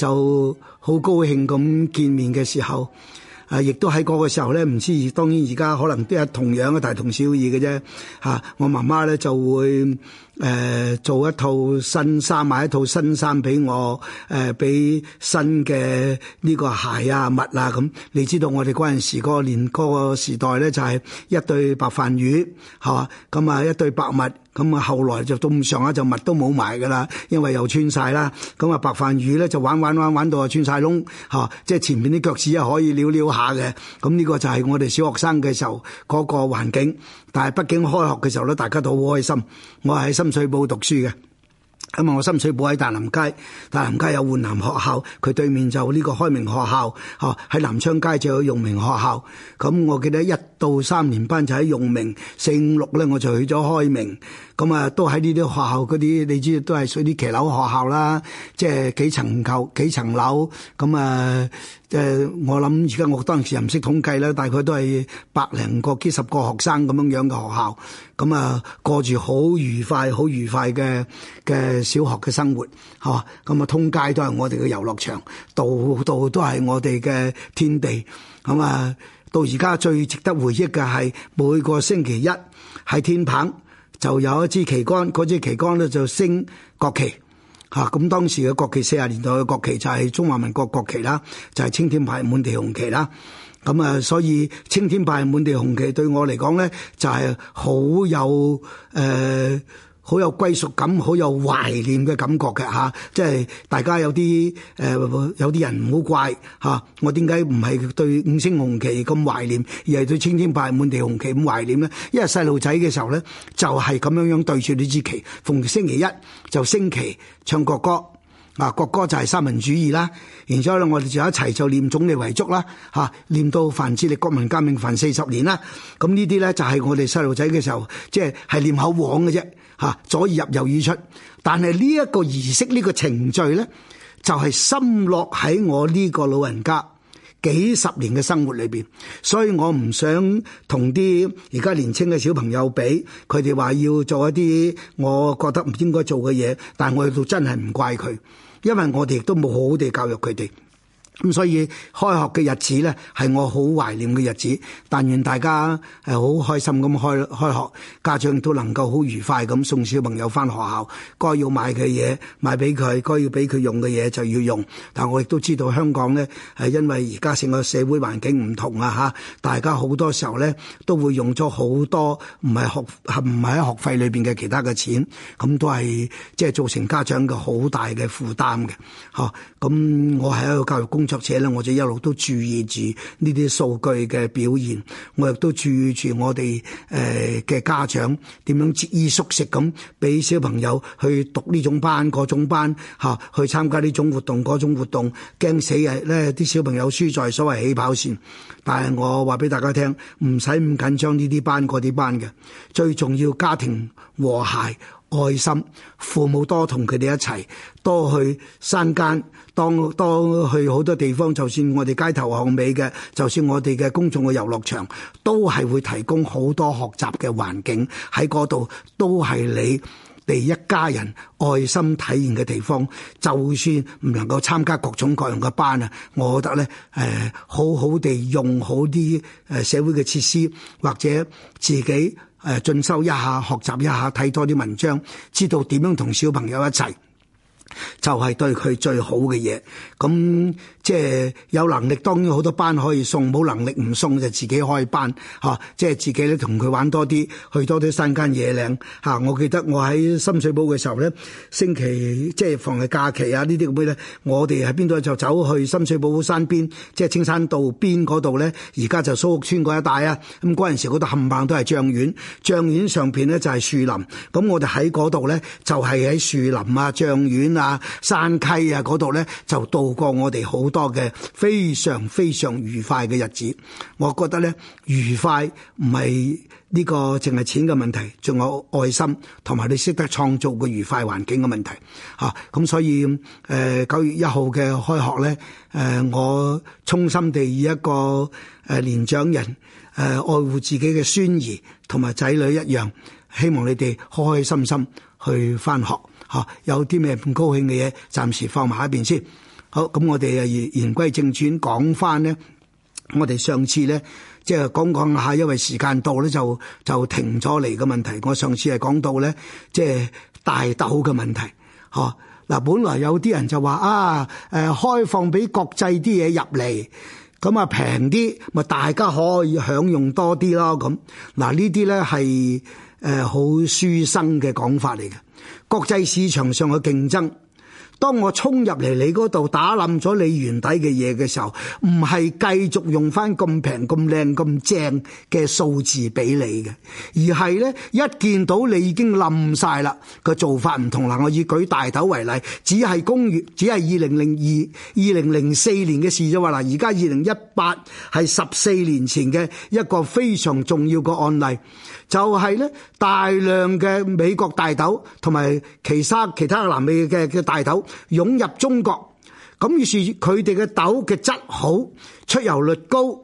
就好高興咁見面嘅時候，誒、啊，亦都喺嗰個時候咧，唔知當然而家可能都有同樣嘅大同小異嘅啫，吓、啊，我媽媽咧就會。誒、呃、做一套新衫，買一套新衫俾我，誒、呃、俾新嘅呢個鞋啊、襪啊咁、嗯。你知道我哋嗰陣時個年嗰、那個時代咧，就係、是、一對白飯魚，嚇，咁、嗯、啊一對白襪，咁、嗯、啊後來就到咁上下就襪都冇埋噶啦，因為又穿晒啦。咁、嗯、啊白飯魚咧就玩玩玩玩，玩到啊穿晒窿，嚇、嗯，即係前面啲腳趾啊可以撩撩下嘅。咁、嗯、呢、這個就係我哋小學生嘅時候嗰個環境。但係畢竟開學嘅時候咧，大家都好開心。我係喺深水埗讀書嘅，咁啊，我深水埗喺大南街，大南街有換南學校，佢對面就呢個開明學校，嚇，喺南昌街就有用明學校。咁我記得一到三年班就喺用明，四五六咧我就去咗開明。咁啊、嗯，都喺呢啲學校嗰啲，你知都係屬於啲騎樓學校啦，即係幾層構幾層樓。咁、嗯、啊，即、嗯、係我諗而家我當時唔識統計啦，大概都係百零個、幾十個學生咁樣樣嘅學校。咁、嗯、啊，過住好愉快、好愉快嘅嘅小學嘅生活，嚇、嗯。咁、嗯、啊，通街都係我哋嘅遊樂場，度度都係我哋嘅天地。咁、嗯、啊、嗯，到而家最值得回憶嘅係每個星期一喺天棚，就有一支旗杆，嗰支旗杆咧就升國旗，吓、啊。咁當時嘅國旗四十年代嘅國旗就係中華民國國旗啦，就係、是、青天白滿地紅旗啦，咁啊，所以青天白滿地紅旗對我嚟講咧就係、是、好有誒。呃好有歸屬感，好有懷念嘅感覺嘅吓、啊，即係大家有啲誒、呃、有啲人唔好怪嚇、啊，我點解唔係對五星紅旗咁懷念，而係對青天白日滿地紅旗咁懷念咧？因為細路仔嘅時候咧，就係咁樣樣對住呢支旗，逢星期一就升旗唱國歌。啊，國歌就係三民主義啦，然之後咧，我哋就一齊就念總理遺囑啦，吓念到凡致力國民革命凡四十年啦，咁呢啲咧就係我哋細路仔嘅時候，即係係唸口簧嘅啫，吓左耳入右耳出，但係呢一個儀式呢、呢個程序咧，就係、是、深烙喺我呢個老人家。幾十年嘅生活裏邊，所以我唔想同啲而家年輕嘅小朋友比，佢哋話要做一啲我覺得唔應該做嘅嘢，但係我哋都真係唔怪佢，因為我哋亦都冇好好地教育佢哋。咁所以開學嘅日子咧，係我好懷念嘅日子。但願大家係好開心咁開開學，家長都能夠好愉快咁送小朋友翻學校。該要買嘅嘢買俾佢，該要俾佢用嘅嘢就要用。但我亦都知道香港咧係，因為而家成個社會環境唔同啊，吓，大家好多時候咧都會用咗好多唔係學唔係喺學費裏邊嘅其他嘅錢，咁都係即係造成家長嘅好大嘅負擔嘅。吓，咁我係一個教育工。作者咧，我就一路都注意住呢啲數據嘅表現，我亦都注意住我哋誒嘅家長點樣節衣縮食咁，俾小朋友去讀呢種班嗰種班吓、啊、去參加呢種活動嗰種活動，驚死係咧，啲小朋友輸在所謂起跑線。但係我話俾大家聽唔使咁緊張呢啲班嗰啲班嘅，最重要家庭和諧。愛心，父母多同佢哋一齊，多去山間，當多去好多地方。就算我哋街頭巷尾嘅，就算我哋嘅公眾嘅遊樂場，都係會提供好多學習嘅環境喺嗰度，都係你哋一家人愛心體驗嘅地方。就算唔能夠參加各種各樣嘅班啊，我覺得咧，誒好好地用好啲誒社會嘅設施，或者自己。誒，進修一下，學習一下，睇多啲文章，知道點樣同小朋友一齊，就係對佢最好嘅嘢。咁。即係有能力，當然好多班可以送；冇能力唔送就自己開班，吓、啊，即係自己咧同佢玩多啲，去多啲山間野嶺吓、啊，我記得我喺深水埗嘅時候咧，星期即係放嘅假期啊，呢啲咁嘅咧，我哋喺邊度就走去深水埗山邊即係青山道邊度咧。而家就蘇屋村一帶啊，咁陣時度冚唪唥都係象園，象園上邊咧就係、是、樹林。咁我哋喺度咧，就係、是、喺樹林啊、象園啊、山溪啊度咧，就度過我哋好多。多嘅非常非常愉快嘅日子，我覺得咧愉快唔係呢個淨係錢嘅問題，仲有愛心同埋你識得創造嘅愉快環境嘅問題。吓，咁所以誒九月一號嘅開學咧，誒、呃、我衷心地以一個誒年長人誒、呃、愛護自己嘅孫兒同埋仔女一樣，希望你哋開開心心去翻學。吓，有啲咩唔高興嘅嘢，暫時放埋一邊先。好，咁我哋啊言，言歸正傳，講翻呢我哋上次咧即係講講下，因為時間到咧就就停咗嚟嘅問題。我上次係講到咧，即係大豆嘅問題。嚇嗱，本來有啲人就話啊，誒開放俾國際啲嘢入嚟，咁啊平啲，咪大家可以享用多啲咯。咁嗱，呢啲咧係誒好書生嘅講法嚟嘅，國際市場上嘅競爭。當我衝入嚟你嗰度打冧咗你原底嘅嘢嘅時候，唔係繼續用翻咁平、咁靚、咁正嘅數字俾你嘅，而係呢一見到你已經冧晒啦，個做法唔同啦。我以舉大頭為例，只係公元，只係二零零二、二零零四年嘅事啫嘛。嗱，而家二零一八係十四年前嘅一個非常重要個案例。就係咧，大量嘅美國大豆同埋其他其他嘅南美嘅嘅大豆湧入中國，咁於是佢哋嘅豆嘅質好，出油率高，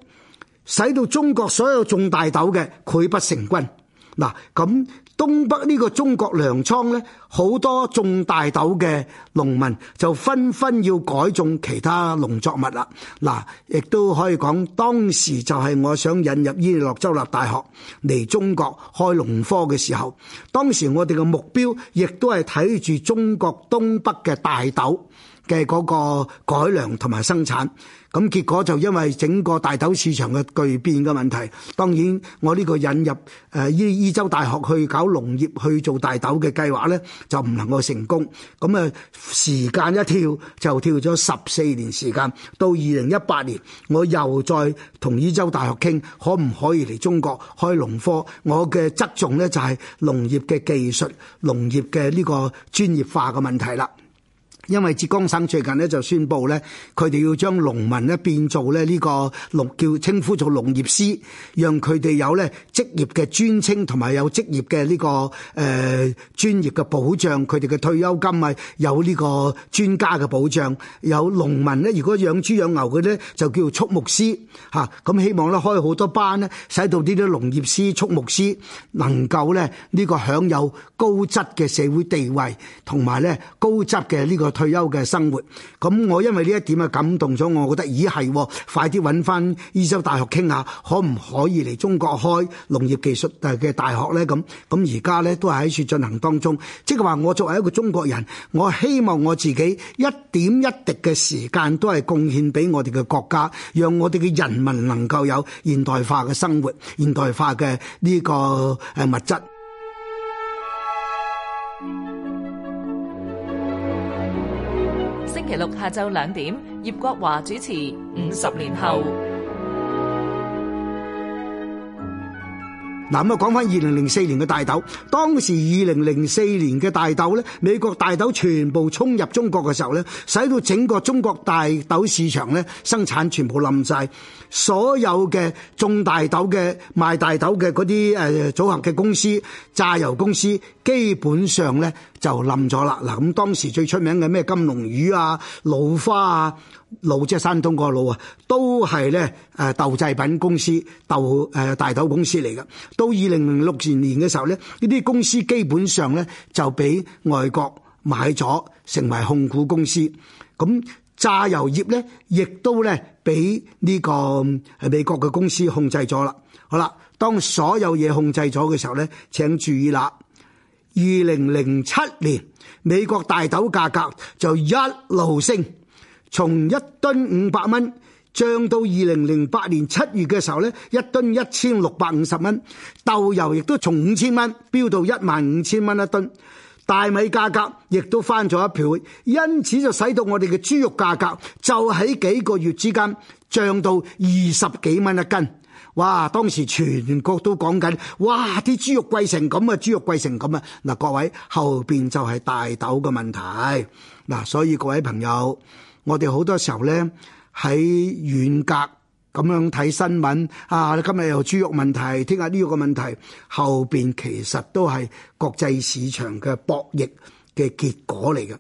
使到中國所有種大豆嘅潰不成軍嗱，咁。東北呢個中國糧倉呢，好多種大豆嘅農民就紛紛要改種其他農作物啦。嗱，亦都可以講當時就係我想引入伊利諾州立大學嚟中國開農科嘅時候，當時我哋嘅目標亦都係睇住中國東北嘅大豆。嘅嗰個改良同埋生產，咁結果就因為整個大豆市場嘅巨變嘅問題，當然我呢個引入誒伊、呃、伊州大學去搞農業去做大豆嘅計劃呢，就唔能夠成功。咁啊，時間一跳就跳咗十四年時間，到二零一八年，我又再同伊州大學傾，可唔可以嚟中國開農科？我嘅側重呢，就係、是、農業嘅技術、農業嘅呢個專業化嘅問題啦。因為浙江省最近咧就宣布咧，佢哋要將農民咧變做咧呢個農叫稱呼做農業師，讓佢哋有咧職業嘅專稱同埋有職業嘅呢、這個誒專、呃、業嘅保障，佢哋嘅退休金啊有呢個專家嘅保障。有農民咧，如果養豬養牛嘅咧就叫做畜牧師嚇。咁、啊、希望咧開好多班咧，使到呢啲農業師、畜牧師能夠咧呢、這個享有高質嘅社會地位同埋咧高質嘅呢個。退休嘅生活，咁我因為呢一點啊感動咗，我覺得咦，係，快啲揾翻伊州大學傾下，可唔可以嚟中國開農業技術嘅大學呢？咁咁而家呢，都係喺處進行當中，即係話我作為一個中國人，我希望我自己一點一滴嘅時間都係貢獻俾我哋嘅國家，讓我哋嘅人民能夠有現代化嘅生活，現代化嘅呢個誒物質。星期六下晝兩點，葉國華主持《五十年後》。嗱咁講翻二零零四年嘅大豆，當時二零零四年嘅大豆咧，美國大豆全部衝入中國嘅時候咧，使到整個中國大豆市場咧，生產全部冧晒，所有嘅種大豆嘅賣大豆嘅嗰啲誒組合嘅公司、榨油公司，基本上呢就冧咗啦。嗱咁當時最出名嘅咩金龍魚啊、魯花啊。魯即係山東個魯啊，都係咧誒豆製品公司豆誒大豆公司嚟嘅。到二零零六年嘅時候咧，呢啲公司基本上咧就俾外國買咗，成為控股公司。咁榨油業咧，亦都咧俾呢個誒美國嘅公司控制咗啦。好啦，當所有嘢控制咗嘅時候咧，請注意啦，二零零七年美國大豆價格就一路升。從一噸五百蚊漲到二零零八年七月嘅時候呢，一噸一千六百五十蚊。豆油亦都從五千蚊飆到一萬五千蚊一噸，大米價格亦都翻咗一倍，因此就使到我哋嘅豬肉價格就喺幾個月之間漲到二十幾蚊一斤。哇！當時全國都講緊，哇！啲豬肉貴成咁啊，豬肉貴成咁啊。嗱，各位，後邊就係大豆嘅問題。嗱，所以各位朋友。我哋好多時候咧喺遠隔咁樣睇新聞，啊，今日又豬肉問題，聽日呢個問題，後邊其實都係國際市場嘅博弈嘅結果嚟嘅。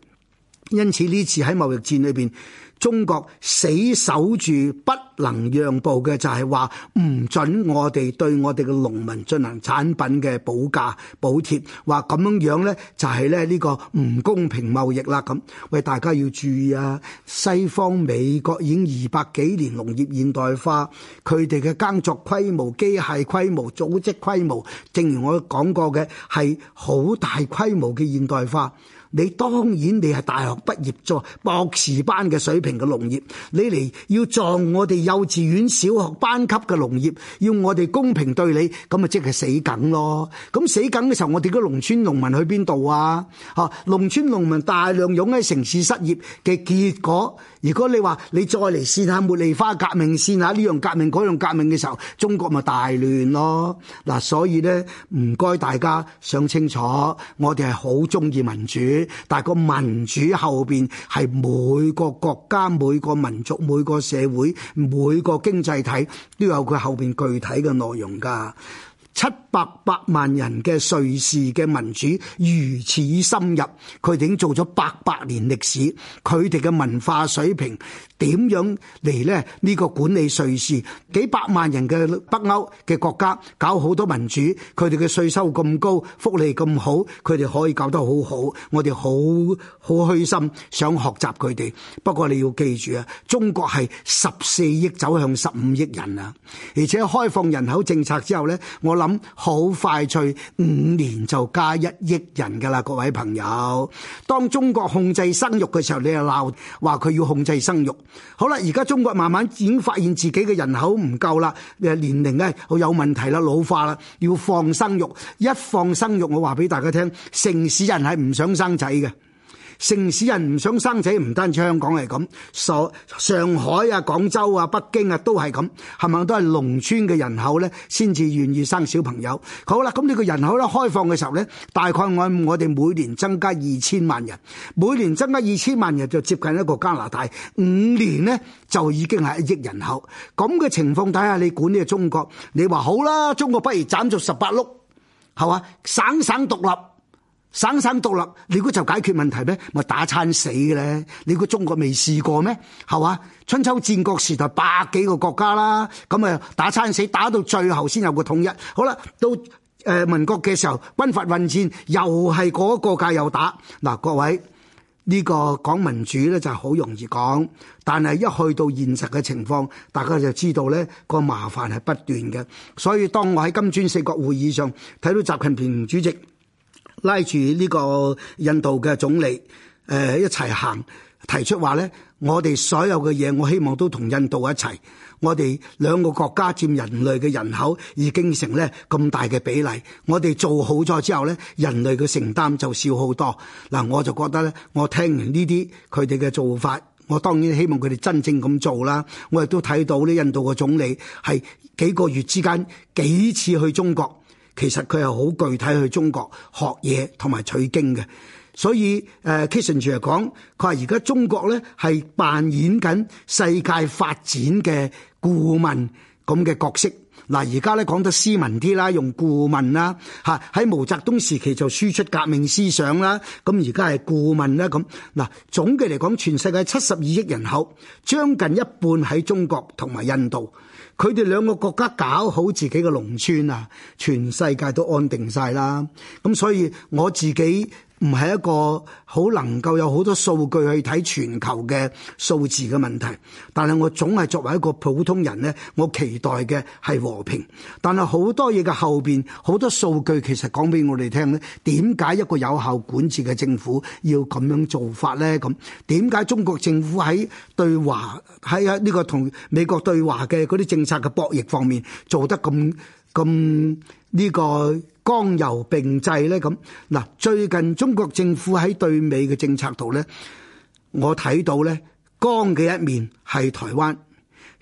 因此呢次喺貿易戰裏邊。中國死守住不能讓步嘅就係話唔准我哋對我哋嘅農民進行產品嘅補價補貼，話咁樣樣呢，就係咧呢個唔公平貿易啦咁。喂，大家要注意啊！西方美國已經二百幾年農業現代化，佢哋嘅耕作規模、機械規模、組織規模，正如我講過嘅，係好大規模嘅現代化。你當然你係大學畢業做博士班嘅水平嘅農業，你嚟要撞我哋幼稚園、小學班級嘅農業，要我哋公平對你，咁咪即係死梗咯！咁死梗嘅時候，我哋啲農村農民去邊度啊？嚇！農村農民大量湧喺城市失業嘅結果。如果你話你再嚟試下茉莉花革命，試下呢樣革命、嗰樣革命嘅時候，中國咪大亂咯。嗱，啊，所以咧唔該大家想清楚，我哋係好中意民主，但係個民主後邊係每個國家、每個民族、每個社會、每個經濟體都有佢後邊具體嘅內容㗎。七百百萬人嘅瑞士嘅民主如此深入，佢哋已經做咗八百年歷史。佢哋嘅文化水平點樣嚟咧？呢個管理瑞士幾百萬人嘅北歐嘅國家，搞好多民主，佢哋嘅稅收咁高，福利咁好，佢哋可以搞得好好。我哋好好虛心，想學習佢哋。不過你要記住啊，中國係十四億走向十五億人啊，而且開放人口政策之後咧，我諗。咁好快脆，五年就加一億人噶啦，各位朋友。當中國控制生育嘅時候，你就鬧話佢要控制生育。好啦，而家中國慢慢已經發現自己嘅人口唔夠啦，誒年齡咧好有問題啦，老化啦，要放生育。一放生育，我話俾大家聽，城市人係唔想生仔嘅。城市人唔想生仔，唔單止香港係咁，上上海啊、廣州啊、北京啊都係咁，係咪都係農村嘅人口呢，先至願意生小朋友？好啦，咁、嗯、呢、呢個人口咧開放嘅時候呢，大概我我哋每年增加二千萬人，每年增加二千萬人就接近一個加拿大，五年呢，就已經係一億人口。咁嘅情況底下，你管呢個中國？你話好啦，中國不如斬咗十八碌，係嘛？省省獨立。省省獨立，你估就解決問題咩？咪打餐死嘅咧！你估中國未試過咩？係嘛？春秋戰國時代百幾個國家啦，咁啊打餐死，打到最後先有個統一。好啦，到誒民國嘅時候，軍閥混戰，又係嗰個界又打。嗱，各位呢個講民主咧就好容易講，但係一去到現實嘅情況，大家就知道咧個麻煩係不斷嘅。所以當我喺金磚四國會議上睇到習近平主席。拉住呢個印度嘅總理，誒、呃、一齊行，提出話呢：「我哋所有嘅嘢，我希望都同印度一齊。我哋兩個國家佔人類嘅人口已經成咧咁大嘅比例，我哋做好咗之後呢，人類嘅承擔就少好多。」嗱，我就覺得呢，我聽完呢啲佢哋嘅做法，我當然希望佢哋真正咁做啦。我亦都睇到呢印度嘅總理係幾個月之間幾次去中國。其實佢係好具體去中國學嘢同埋取經嘅，所以誒 Kissinger 講，佢話而家中國咧係扮演緊世界發展嘅顧問咁嘅角色。嗱，而家咧講得斯文啲啦，用顧問啦嚇。喺毛澤東時期就輸出革命思想啦，咁而家係顧問啦咁。嗱，總嘅嚟講，全世界七十二億人口，將近一半喺中國同埋印度，佢哋兩個國家搞好自己嘅農村啊，全世界都安定晒啦。咁所以我自己。唔係一個好能夠有好多數據去睇全球嘅數字嘅問題，但係我總係作為一個普通人呢，我期待嘅係和平。但係好多嘢嘅後邊好多數據，其實講俾我哋聽呢，點解一個有效管治嘅政府要咁樣做法呢？咁點解中國政府喺對華喺呢個同美國對華嘅嗰啲政策嘅博弈方面做得咁？咁呢個剛柔並濟咧，咁嗱，最近中國政府喺對美嘅政策度咧，我睇到咧，剛嘅一面係台灣，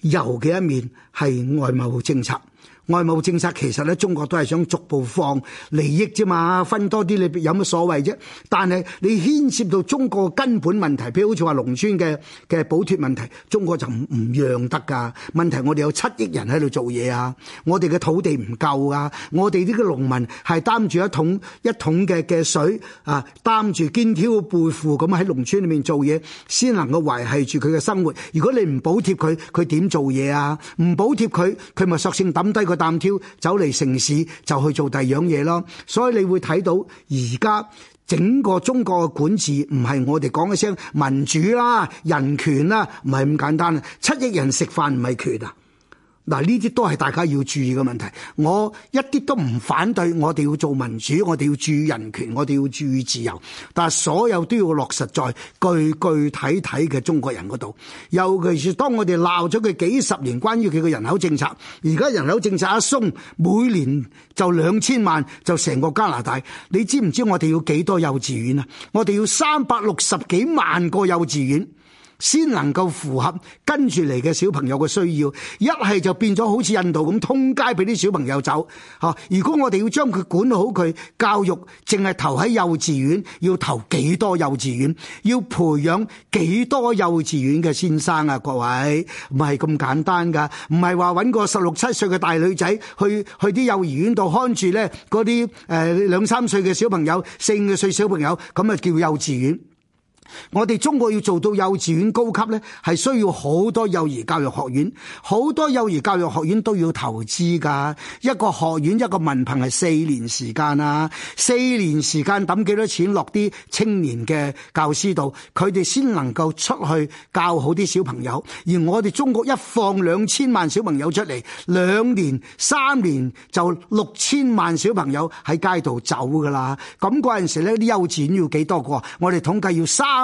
柔嘅一面係外貿政策。外務政策其實咧，中國都係想逐步放利益啫嘛，分多啲你有乜所謂啫？但係你牽涉到中國根本問題，譬如好似話農村嘅嘅補貼問題，中國就唔唔讓得噶。問題我哋有七億人喺度做嘢啊，我哋嘅土地唔夠啊，我哋呢個農民係擔住一桶一桶嘅嘅水啊，擔住肩挑背負咁喺農村裏面做嘢，先能夠維係住佢嘅生活。如果你唔補貼佢，佢點做嘢啊？唔補貼佢，佢咪索性抌低佢。擔挑走嚟城市就去做第二樣嘢咯，所以你會睇到而家整個中國嘅管治唔係我哋講嘅聲民主啦、人權啦，唔係咁簡單啊，七億人食飯唔係權啊。嗱，呢啲都係大家要注意嘅問題。我一啲都唔反對，我哋要做民主，我哋要注意人權，我哋要注意自由。但係所有都要落實在具具體體嘅中國人嗰度。尤其是當我哋鬧咗佢幾十年關於佢嘅人口政策，而家人口政策一鬆，每年就兩千萬就成個加拿大。你知唔知我哋要幾多幼稚園啊？我哋要三百六十幾萬個幼稚園。先能夠符合跟住嚟嘅小朋友嘅需要，一係就變咗好似印度咁通街俾啲小朋友走吓，啊。如果我哋要將佢管好佢教育，淨係投喺幼稚園，要投幾多幼稚園？要培養幾多幼稚園嘅先生啊？各位唔係咁簡單噶，唔係話揾個十六七歲嘅大女仔去去啲幼兒園度看住呢嗰啲誒兩三歲嘅小朋友、四五歲小朋友，咁啊叫幼稚園。我哋中國要做到幼稚園高級咧，係需要好多幼兒教育學院，好多幼兒教育學院都要投資噶。一個學院一個文憑係四年時間啊，四年時間抌幾多錢落啲青年嘅教師度，佢哋先能夠出去教好啲小朋友。而我哋中國一放兩千萬小朋友出嚟，兩年三年就六千萬小朋友喺街度走噶啦。咁陣時咧，啲幼稚園要幾多個？我哋統計要三。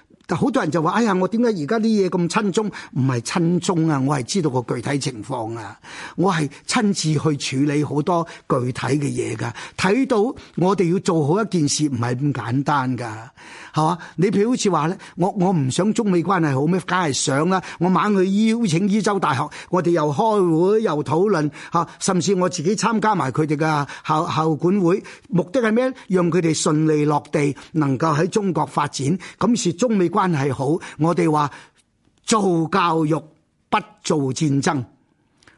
但好多人就話哎呀，我點解而家啲嘢咁親中？唔係親中啊！我係知道個具體情況啊！我係親自去處理好多具體嘅嘢噶。睇到我哋要做好一件事，唔係咁簡單噶，係嘛？你譬如好似話咧，我我唔想中美關係好咩？梗係想啦，啊！我猛去邀請伊州大學，我哋又開會又討論吓，甚至我自己參加埋佢哋嘅校校管會，目的係咩？讓佢哋順利落地，能夠喺中國發展。咁是中美關關係好，我哋話做教育不做戰爭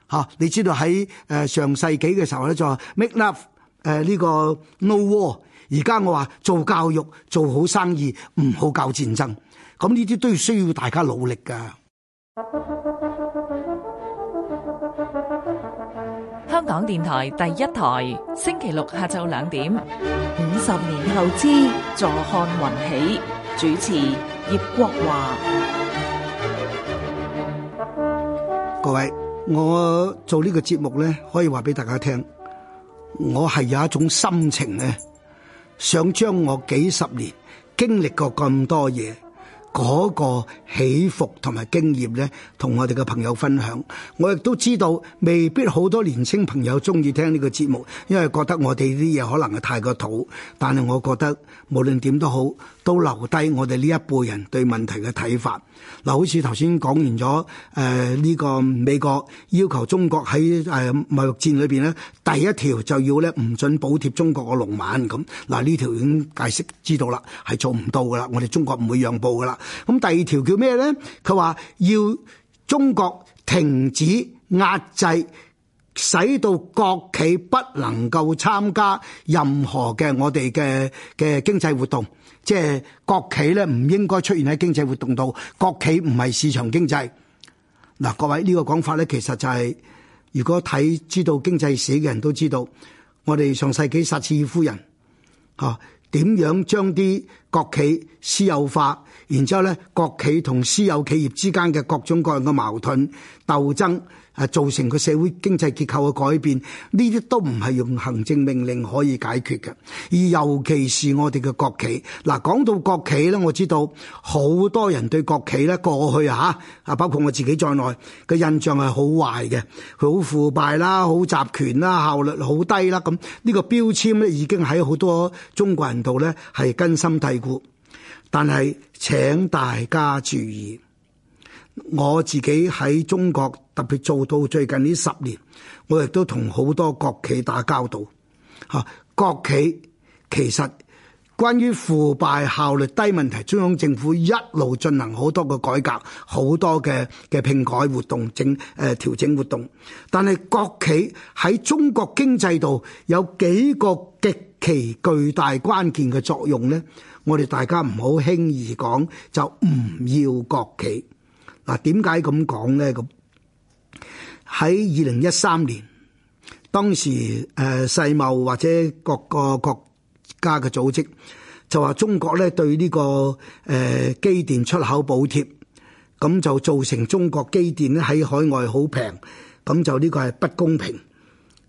吓，你知道喺誒上世紀嘅時候咧就話 make love 誒呢個 no war，而家我話做教育做好生意唔好搞戰爭，咁呢啲都要需要大家努力噶。香港電台第一台，星期六下晝兩點，五十年後之坐看雲起，主持。葉國華，各位，我做呢個節目呢，可以話俾大家聽，我係有一種心情呢，想將我幾十年經歷過咁多嘢，嗰個起伏同埋經驗呢，同我哋嘅朋友分享。我亦都知道未必好多年輕朋友中意聽呢個節目，因為覺得我哋啲嘢可能係太過土。但係我覺得無論點都好。都留低我哋呢一輩人對問題嘅睇法。嗱、呃，好似頭先講完咗，誒、呃、呢、這個美國要求中國喺誒貿易戰裏邊咧，第一條就要咧唔准補貼中國嘅農民咁。嗱，呢、呃、條已經解釋知道啦，係做唔到噶啦，我哋中國唔會讓步噶啦。咁、嗯、第二條叫咩咧？佢話要中國停止壓制，使到國企不能夠參加任何嘅我哋嘅嘅經濟活動。即係國企咧，唔應該出現喺經濟活動度。國企唔係市場經濟。嗱，各位呢、這個講法咧，其實就係、是、如果睇知道經濟史嘅人都知道，我哋上世紀撒切爾夫人吓點、啊、樣將啲國企私有化。然之後咧，國企同私有企業之間嘅各種各樣嘅矛盾鬥爭，誒、啊、造成個社會經濟結構嘅改變，呢啲都唔係用行政命令可以解決嘅。而尤其是我哋嘅國企，嗱、啊、講到國企咧，我知道好多人對國企咧過去嚇，啊包括我自己在內嘅印象係好壞嘅，佢好腐敗啦，好集權啦，效率好低啦，咁、啊、呢、這個標籤咧已經喺好多中國人度咧係根深蒂固。但係，請大家注意，我自己喺中國，特別做到最近呢十年，我亦都同好多國企打交道。吓、啊，國企其實關於腐敗、效率低問題，中央政府一路進行好多個改革，好多嘅嘅評改活動、整誒、呃、調整活動。但係國企喺中國經濟度有幾個極其巨大關鍵嘅作用呢。我哋大家唔好輕易講就唔要國企。嗱、啊，點解咁講咧？咁喺二零一三年，當時誒、呃、世貿或者各個國家嘅組織就話中國咧對呢、這個誒、呃、機電出口補貼，咁就造成中國機電咧喺海外好平，咁就呢個係不公平。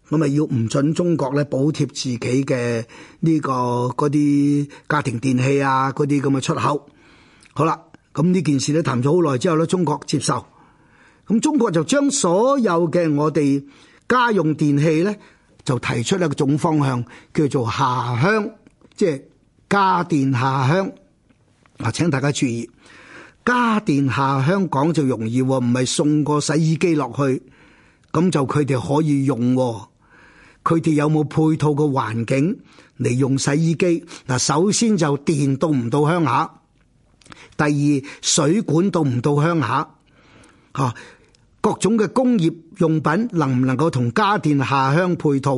咁咪要唔準中國咧補貼自己嘅呢個嗰啲家庭電器啊，嗰啲咁嘅出口。好啦，咁呢件事咧談咗好耐之後咧，中國接受，咁中國就將所有嘅我哋家用電器咧，就提出一個總方向，叫做下鄉，即係家電下鄉。啊，請大家注意，家電下鄉講就容易啊，唔係送個洗衣機落去，咁就佢哋可以用啊。佢哋有冇配套嘅環境嚟用洗衣機嗱？首先就電到唔到鄉下，第二水管到唔到鄉下嚇，各種嘅工業用品能唔能夠同家電下鄉配套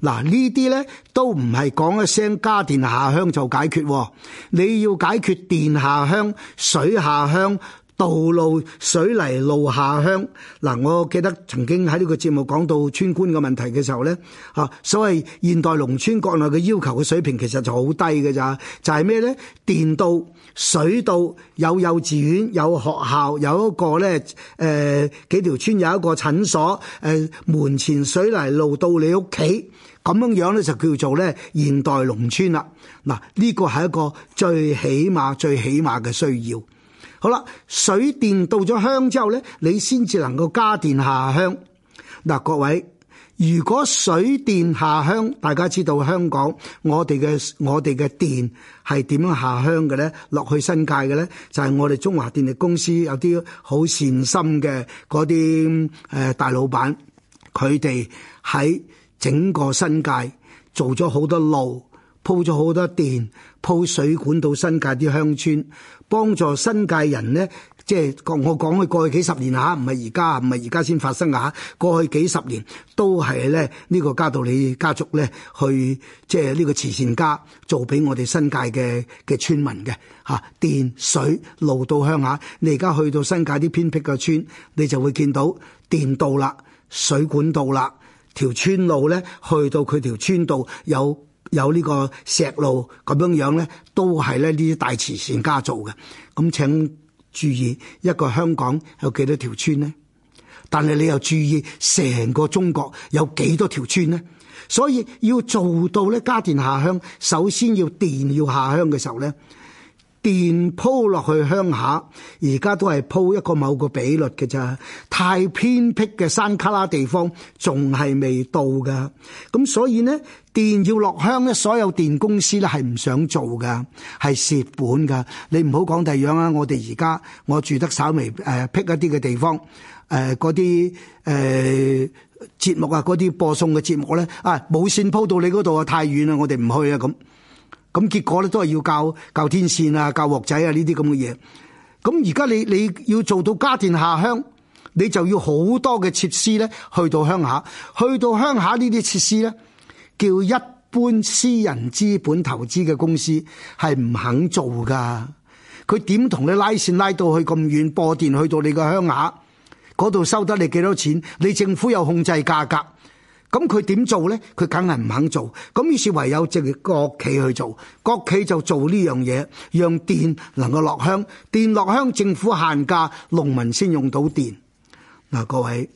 嗱？呢啲咧都唔係講一聲家電下鄉就解決，你要解決電下鄉、水下鄉。道路、水泥路下鄉，嗱，我記得曾經喺呢個節目講到村官嘅問題嘅時候咧，吓，所謂現代農村國內嘅要求嘅水平其實就好低嘅咋，就係咩咧？電到、水到，有幼稚園、有學校，有一個咧，誒、呃，幾條村有一個診所，誒、呃，門前水泥路到你屋企，咁樣樣咧就叫做咧現代農村啦。嗱，呢個係一個最起碼、最起碼嘅需要。好啦，水電到咗鄉之後呢，你先至能夠家電下鄉。嗱、呃，各位，如果水電下鄉，大家知道香港我哋嘅我哋嘅電係點樣下鄉嘅呢？落去新界嘅呢，就係、是、我哋中華電力公司有啲好善心嘅嗰啲誒大老闆，佢哋喺整個新界做咗好多路，鋪咗好多電，鋪水管到新界啲鄉村。幫助新界人咧，即係講我講佢過去幾十年嚇，唔係而家，唔係而家先發生噶嚇。過去幾十年都係咧呢個嘉道理家族咧，去即係呢個慈善家做俾我哋新界嘅嘅村民嘅嚇、啊、電水路到鄉下。你而家去到新界啲偏僻嘅村，你就會見到電道啦、水管道啦、條村路咧去到佢條村道有。有呢個石路咁樣樣咧，都係咧呢啲大慈善家做嘅。咁請注意，一個香港有幾多條村呢？但係你又注意成個中國有幾多條村呢？所以要做到咧，家電下鄉，首先要電要下鄉嘅時候咧。電鋪落去鄉下，而家都係鋪一個某個比率嘅咋？太偏僻嘅山卡拉地方，仲係未到㗎。咁所以呢，電要落鄉咧，所有電公司咧係唔想做㗎，係蝕本㗎。你唔好講第二樣啦。我哋而家我住得稍微誒僻、呃、一啲嘅地方，誒嗰啲誒節目,節目啊，嗰啲播送嘅節目咧，啊冇線鋪到你嗰度啊，太遠啦，我哋唔去啊咁。咁結果咧都係要教教天線啊、教鑊仔啊呢啲咁嘅嘢。咁而家你你要做到家電下鄉，你就要好多嘅設施咧去到鄉下，去到鄉下呢啲設施咧，叫一般私人資本投資嘅公司係唔肯做噶。佢點同你拉線拉到去咁遠，播電去到你個鄉下嗰度收得你幾多錢？你政府又控制價格。咁佢點做呢？佢梗係唔肯做，咁於是唯有借國企去做，國企就做呢樣嘢，讓電能夠落鄉，電落鄉政府限價，農民先用到電。嗱，各位，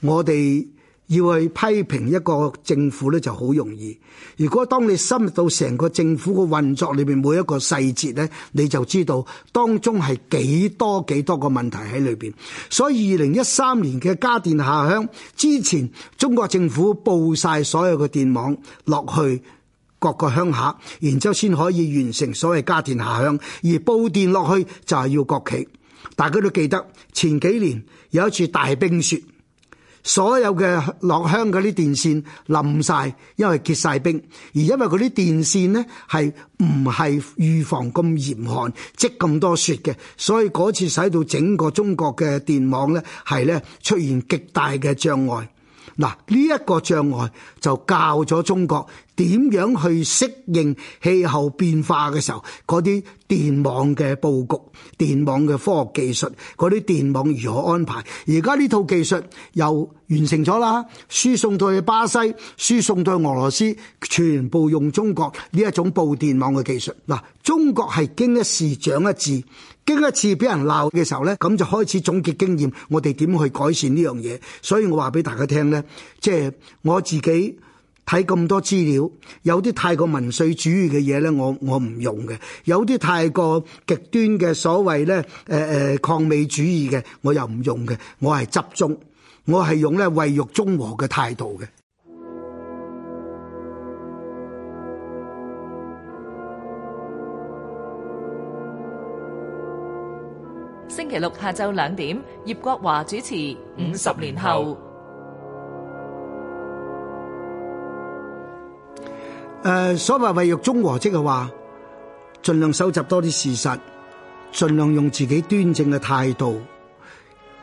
我哋。要去批評一個政府咧就好容易。如果當你深入到成個政府嘅運作裏邊每一個細節呢，你就知道當中係幾多幾多個問題喺裏邊。所以二零一三年嘅家電下鄉之前，中國政府佈晒所有嘅電網落去各個鄉下，然之後先可以完成所謂家電下鄉；而佈電落去就係要國企。大家都記得前幾年有一次大冰雪。所有嘅落鄉嗰啲電線淋晒，因為結晒冰，而因為嗰啲電線呢係唔係預防咁嚴寒積咁多雪嘅，所以嗰次使到整個中國嘅電網呢係呢出現極大嘅障礙。嗱，呢、這、一個障礙就教咗中國。點樣去適應氣候變化嘅時候，嗰啲電網嘅佈局、電網嘅科學技術、嗰啲電網如何安排？而家呢套技術又完成咗啦，輸送到去巴西、輸送到去俄羅斯，全部用中國呢一種佈電網嘅技術。嗱，中國係經一事長一智，經一次俾人鬧嘅時候呢，咁就開始總結經驗，我哋點去改善呢樣嘢。所以我話俾大家聽呢，即係我自己。睇咁多資料，有啲太過民粹主義嘅嘢咧，我我唔用嘅；有啲太過極端嘅所謂咧，誒、呃、誒、呃、抗美主義嘅，我又唔用嘅。我係集中，我係用咧為欲中和嘅態度嘅。星期六下晝兩點，葉國華主持《五十年後》。誒、呃，所謂為玉中和，即係話，盡量收集多啲事實，盡量用自己端正嘅態度，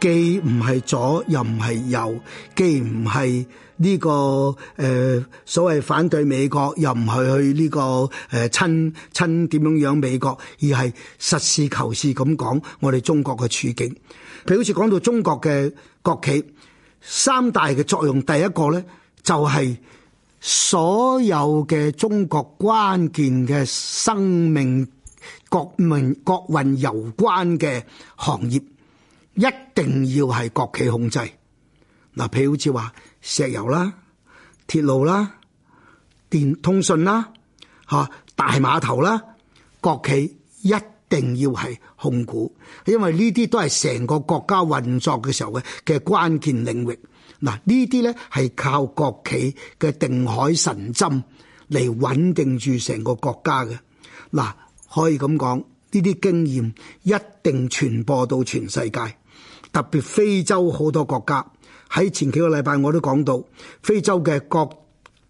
既唔係左又唔係右，既唔係呢個誒、呃、所謂反對美國，又唔係去呢、這個誒、呃、親親點樣樣美國，而係實事求是咁講我哋中國嘅處境。譬如好似講到中國嘅國企三大嘅作用，第一個咧就係、是。所有嘅中國關鍵嘅生命國命國運攸關嘅行業，一定要係國企控制。嗱，譬如好似話石油啦、鐵路啦、電通訊啦、嚇大碼頭啦，國企一定要係控股，因為呢啲都係成個國家運作嘅時候嘅嘅關鍵領域。嗱，呢啲呢係靠國企嘅定海神針嚟穩定住成個國家嘅。嗱，可以咁講，呢啲經驗一定傳播到全世界，特別非洲好多國家。喺前幾個禮拜我都講到，非洲嘅各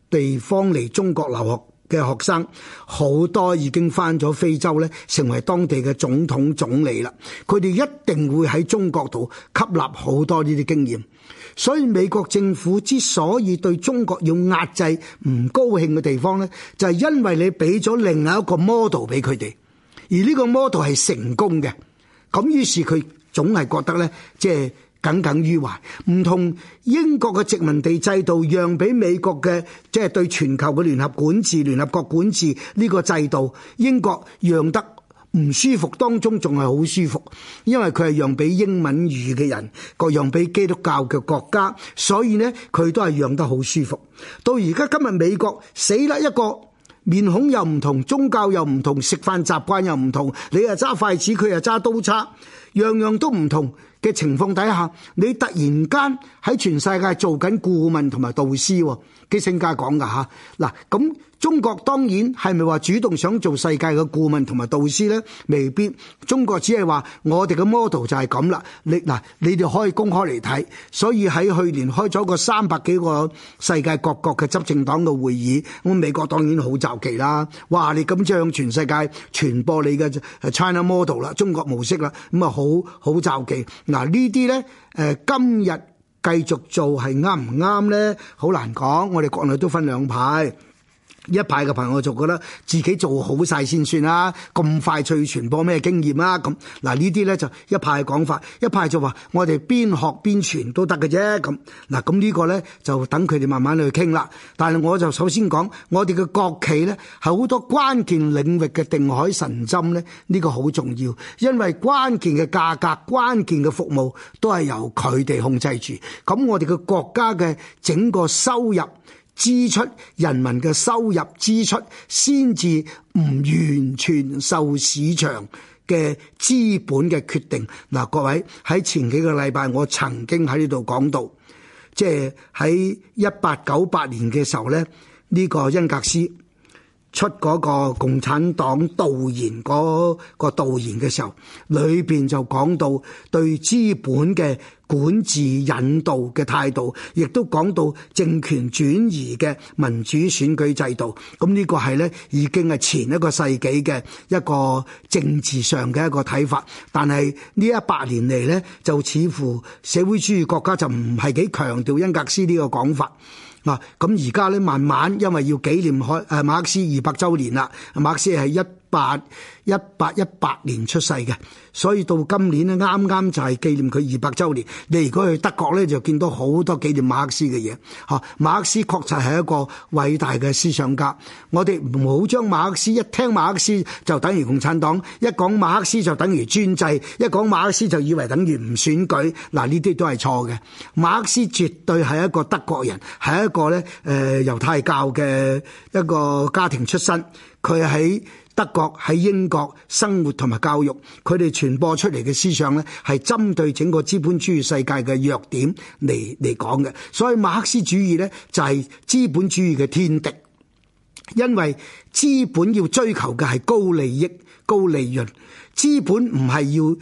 地方嚟中國留學嘅學生好多已經翻咗非洲呢，成為當地嘅總統總理啦。佢哋一定會喺中國度吸納好多呢啲經驗。所以美國政府之所以對中國要壓制唔高興嘅地方咧，就係因為你俾咗另外一個 model 俾佢哋，而呢個 model 係成功嘅，咁於是佢總係覺得咧，即係耿耿於懷。唔同英國嘅殖民地制度讓俾美國嘅，即係對全球嘅聯合管治、聯合國管治呢個制度，英國讓得。唔舒服，當中仲係好舒服，因為佢係讓俾英文語嘅人，個讓俾基督教嘅國家，所以呢，佢都係讓得好舒服。到而家今日美國死啦一個，面孔又唔同，宗教又唔同，食飯習慣又唔同，你又揸筷子，佢又揸刀叉，樣樣都唔同嘅情況底下，你突然間喺全世界做緊顧問同埋導師喎。基辛格講㗎吓，嗱咁中國當然係咪話主動想做世界嘅顧問同埋導師咧？未必，中國只係話我哋嘅 model 就係咁啦。你嗱，你哋可以公開嚟睇。所以喺去年開咗個三百幾個世界各國嘅執政黨嘅會議，咁美國當然好驕傲啦。哇！你咁將全世界傳播你嘅 China model 啦，中國模式啦，咁啊好好驕傲。嗱呢啲咧誒今日。繼續做係啱唔啱咧？好難講，我哋國內都分兩派。一派嘅朋友就覺得自己做好晒先算啦，咁快脆傳播咩經驗啊？咁嗱呢啲呢就一派講法，一派就話我哋邊學邊傳都得嘅啫。咁嗱，咁呢個呢就等佢哋慢慢去傾啦。但係我就首先講，我哋嘅國企呢係好多關鍵領域嘅定海神針呢，呢個好重要，因為關鍵嘅價格、關鍵嘅服務都係由佢哋控制住。咁我哋嘅國家嘅整個收入支出人民嘅收入支出，先至唔完全受市場嘅資本嘅決定。嗱、呃，各位喺前幾個禮拜，我曾經喺呢度講到，即係喺一八九八年嘅時候咧，呢、這個恩格斯。出嗰個共產黨導言嗰個導言嘅時候，裏邊就講到對資本嘅管治引導嘅態度，亦都講到政權轉移嘅民主選舉制度。咁呢個係咧已經係前一個世紀嘅一個政治上嘅一個睇法。但係呢一百年嚟呢，就似乎社會主義國家就唔係幾強調恩格斯呢個講法。嗱，咁而家咧慢慢，因為要紀念開誒馬克思二百周年啦，馬克思係一。八一八一八年出世嘅，所以到今年呢啱啱就係紀念佢二百周年。你如果去德國呢，就見到好多紀念馬克思嘅嘢。吓、啊，馬克思確實係一個偉大嘅思想家。我哋唔好將馬克思一聽馬克思就等於共產黨，一講馬克思就等於專制，一講馬克思就以為等於唔選舉。嗱、啊，呢啲都係錯嘅。馬克思絕對係一個德國人，係一個呢誒、呃、猶太教嘅一個家庭出身，佢喺。德國喺英國生活同埋教育，佢哋傳播出嚟嘅思想呢，係針對整個資本主義世界嘅弱點嚟嚟講嘅。所以馬克思主義呢，就係資本主義嘅天敵，因為資本要追求嘅係高利益、高利潤，資本唔係要。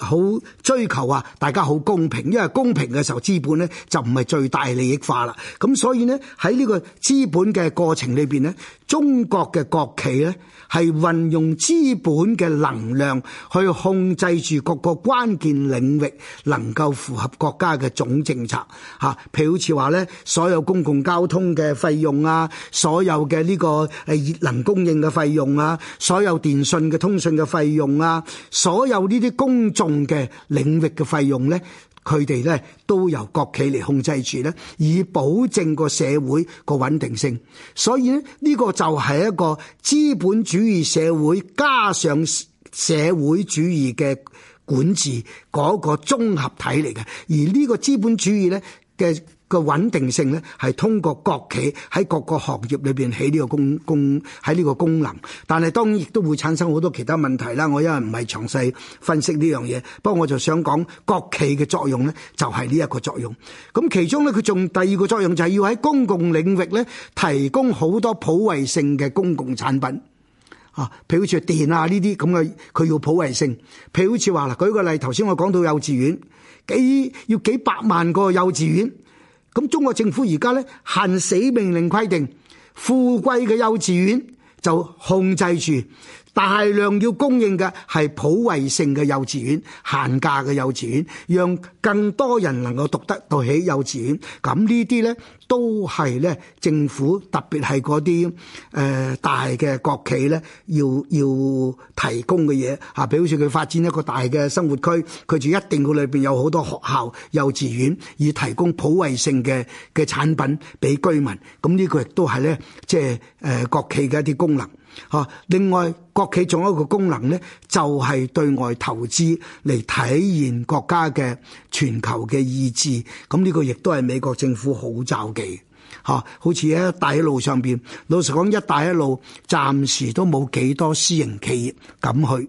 好追求啊！大家好公平，因為公平嘅時候，資本咧就唔係最大利益化啦。咁所以咧喺呢個資本嘅過程裏邊咧，中國嘅國企咧係運用資本嘅能量去控制住各個關鍵領域，能夠符合國家嘅總政策。吓、啊，譬如好似話咧，所有公共交通嘅費用啊，所有嘅呢個誒熱能供應嘅費用啊，所有電信嘅通訊嘅費用啊，所有呢啲公眾嘅領域嘅費用咧，佢哋咧都由國企嚟控制住咧，以保證個社會個穩定性。所以咧，呢個就係一個資本主義社會加上社會主義嘅管治嗰個綜合體嚟嘅。而呢個資本主義咧嘅。個穩定性咧，係通過國企喺各個行業裏邊起呢個功功喺呢個功能，但係當然亦都會產生好多其他問題啦。我因為唔係詳細分析呢樣嘢，不過我就想講國企嘅作用咧，就係呢一個作用。咁其中咧，佢仲第二個作用就係要喺公共領域咧提供好多普惠性嘅公共產品啊，譬如好似電啊呢啲咁嘅，佢要普惠性。譬如好似話嗱，舉個例，頭先我講到幼稚園幾要幾百萬個幼稚園。咁中國政府而家咧行死命令規定，富貴嘅幼稚園就控制住。大量要供應嘅係普惠性嘅幼稚園，限價嘅幼稚園，讓更多人能夠讀得到起幼稚園，咁呢啲咧都係咧政府特別係嗰啲誒大嘅國企咧，要要提供嘅嘢嚇，比如好似佢發展一個大嘅生活區，佢就一定嘅裏邊有好多學校、幼稚園以提供普惠性嘅嘅產品俾居民。咁呢個亦都係咧，即係誒、呃、國企嘅一啲功能。吓，另外國企仲有一個功能咧，就係、是、對外投資嚟體現國家嘅全球嘅意志。咁呢個亦都係美國政府好招忌，嚇，好似喺一帶一路上邊，老實講，一帶一路，一帶一路暫時都冇幾多私營企業敢去。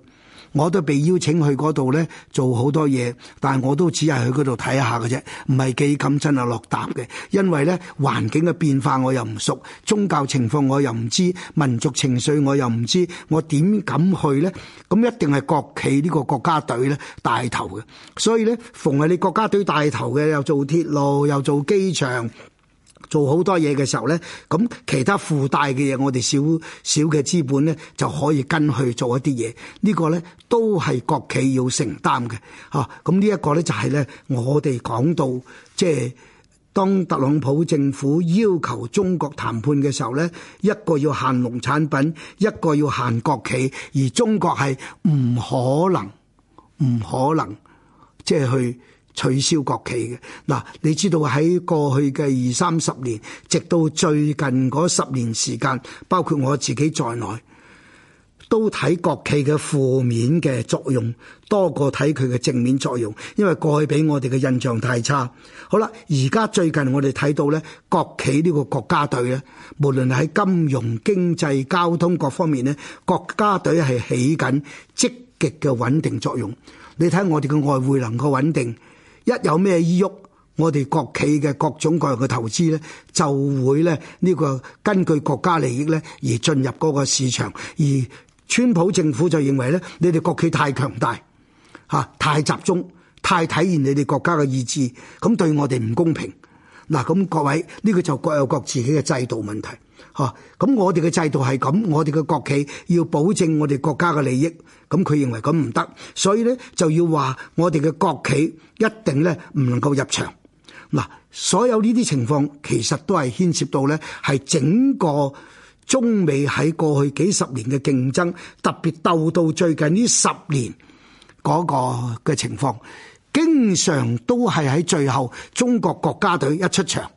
我都被邀請去嗰度咧，做好多嘢，但係我都只係去嗰度睇下嘅啫，唔係幾敢親啊落搭嘅，因為咧環境嘅變化我又唔熟，宗教情況我又唔知，民族情緒我又唔知，我點敢去咧？咁一定係國企呢個國家隊咧帶頭嘅，所以咧逢係你國家隊帶頭嘅，又做鐵路，又做機場。做好多嘢嘅時候咧，咁其他附帶嘅嘢，我哋少少嘅資本咧就可以跟去做一啲嘢。呢個咧都係國企要承擔嘅。嚇、啊，咁呢一個咧就係咧，我哋講到即係當特朗普政府要求中國談判嘅時候咧，一個要限農產品，一個要限國企，而中國係唔可能、唔可能即係去。取消國企嘅。嗱，你知道喺過去嘅二三十年，直到最近嗰十年時間，包括我自己在內，都睇國企嘅負面嘅作用多過睇佢嘅正面作用，因為過去俾我哋嘅印象太差。好啦，而家最近我哋睇到咧，國企呢個國家隊咧，無論喺金融、經濟、交通各方面咧，國家隊係起緊積極嘅穩定作用。你睇我哋嘅外匯能夠穩定。一有咩移郁，我哋國企嘅各種各樣嘅投資咧，就會咧呢個根據國家利益咧而進入嗰個市場，而川普政府就認為咧，你哋國企太強大，嚇太集中，太體現你哋國家嘅意志，咁對我哋唔公平。嗱，咁各位呢個就各有各自己嘅制度問題。嚇！咁、啊、我哋嘅制度係咁，我哋嘅國企要保證我哋國家嘅利益。咁佢認為咁唔得，所以呢就要話我哋嘅國企一定呢唔能夠入場。嗱、啊，所有呢啲情況其實都係牽涉到呢係整個中美喺過去幾十年嘅競爭，特別鬥到最近呢十年嗰個嘅情況，經常都係喺最後中國國家隊一出場。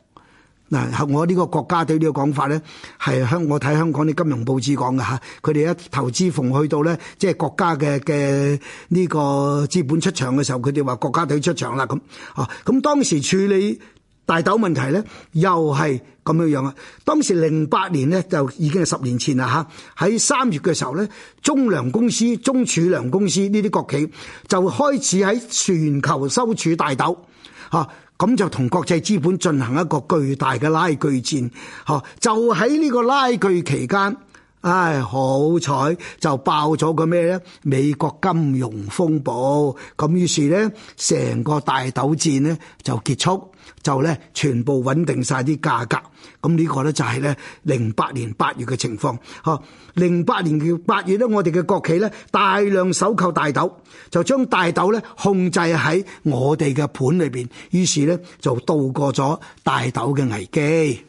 嗱，我呢個國家隊呢個講法咧，係香我睇香港啲金融報紙講嘅嚇，佢哋一投資逢去到咧，即係國家嘅嘅呢個資本出場嘅時候，佢哋話國家隊出場啦咁。哦，咁當時處理大豆問題咧，又係咁樣樣啊！當時零八年咧，就已經係十年前啦嚇。喺三月嘅時候咧，中糧公司、中儲糧公司呢啲國企就開始喺全球收儲大豆，嚇。咁就同國際資本進行一個巨大嘅拉鋸戰，呵！就喺呢個拉鋸期間，唉，好彩就爆咗個咩咧？美國金融風暴，咁於是咧，成個大鬥戰呢就結束。就咧全部穩定晒啲價格，咁呢個咧就係咧零八年八月嘅情況。嚇、啊，零八年嘅八月咧，我哋嘅國企咧大量收購大豆，就將大豆咧控制喺我哋嘅盤裏邊，於是咧就渡過咗大豆嘅危機。